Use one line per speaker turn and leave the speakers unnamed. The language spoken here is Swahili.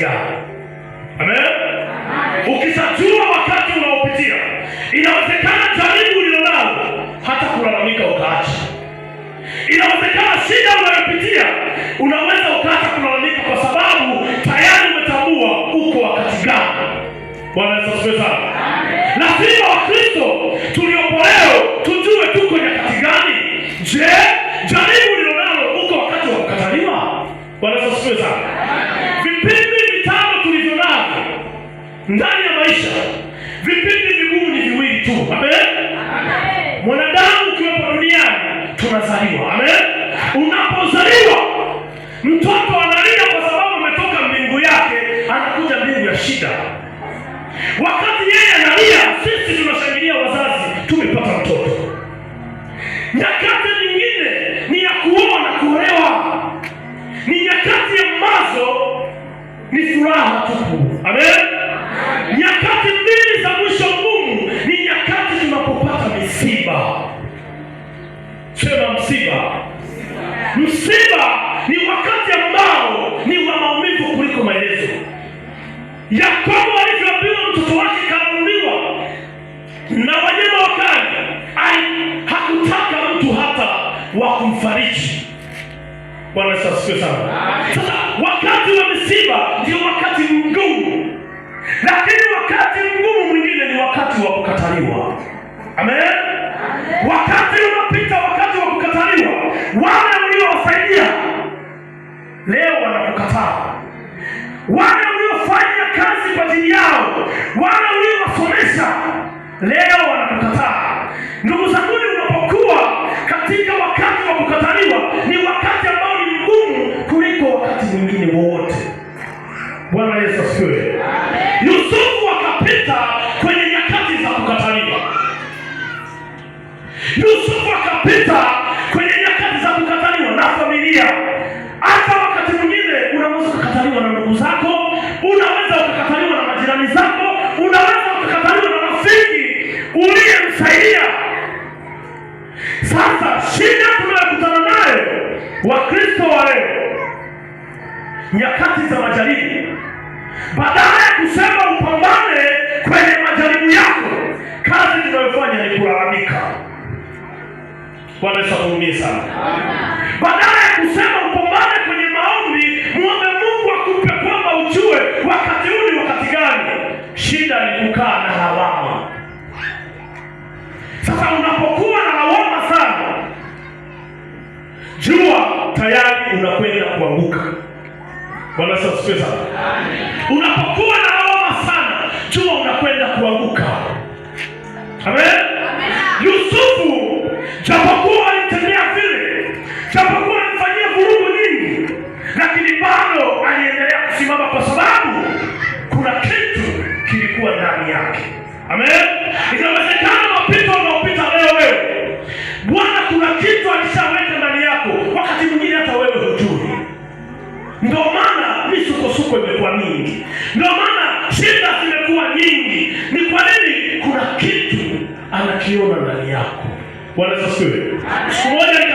God. Amen. Ukitatua wakati unaopitia, inawezekana jaribu ulilonalo hata kulalamika ukaacha. Inawezekana shida unayopitia unaweza ukaacha kulalamika, kwa sababu tayari umetambua uko wakati gani. Bwana Yesu asifiwe sana. Lazima Wakristo tuliopo leo tujue tuko nyakati gani. Je, jaribu ulilonalo uko wakati wa kukataliwa? Bwana Yesu asifiwe sana. ndani ya maisha. Vipindi vigumu ni viwili tu, amen. Mwanadamu ukiwepo duniani tunazaliwa, amen. Unapozaliwa mtoto analia kwa sababu ametoka mbingu yake, anakuja mbingu ya shida. Wakati yeye analia, sisi tunashangilia, wazazi tumepata mtoto. Nyakati nyingine ni ya kuoa na kuolewa, ni nyakati ambazo ni furaha tupu, amen. msiba ni wakati ambao ni wa maumivu kuliko maelezo. Yakobo alivyoambiwa mtoto wake kalaumiwa na wanyama wakali, hakutaka mtu hata wa kumfariji. Bwana asifiwe sana. Sasa wakati wa misiba ndio wakati mgumu, lakini wakati mgumu mwingine ni wakati wa kukataliwa. Amen. Wakati unapita wakati wa kukataliwa, wale uliowasaidia leo wanakukataa, wale uliofanya kazi kwa ajili yao, wale uliowasomesha leo wanakukataa. Ndugu zangu, unapokuwa katika wakati wa kukataliwa, ni wakati ambao ni mgumu kuliko wakati mwingine wowote. Bwana Yesu Yusufu akapita kwenye nyakati za kukataliwa na familia. Hata wakati mwingine unaweza kukataliwa na ndugu zako, unaweza ukakataliwa na majirani zako, unaweza ukakataliwa na rafiki uliyemsaidia. Sasa shida tunayokutana nayo Wakristo wa leo, nyakati za majaribu Bwana Yesu akuhurumie sana. Badala ya kusema upambane kwenye maombi, muombe Mungu akupe kwamba ujue wakati huu ni wakati gani. Shida ni kukaa na lawama. Sasa unapokuwa na lawama sana, jua tayari unakwenda kuanguka. Bwana Yesu asifiwe sana. Amen. yake. Amen. Inawezekana mapito unaopita leo wewe, Bwana kuna kitu alishaweka ndani yako, wakati mwingine hata wewe hujui. Ndio maana misukosuko imekuwa mingi, ndio maana shida zimekuwa nyingi. Ni kwa nini? Kuna kitu anakiona ndani yako. Bwana asifiwe. moja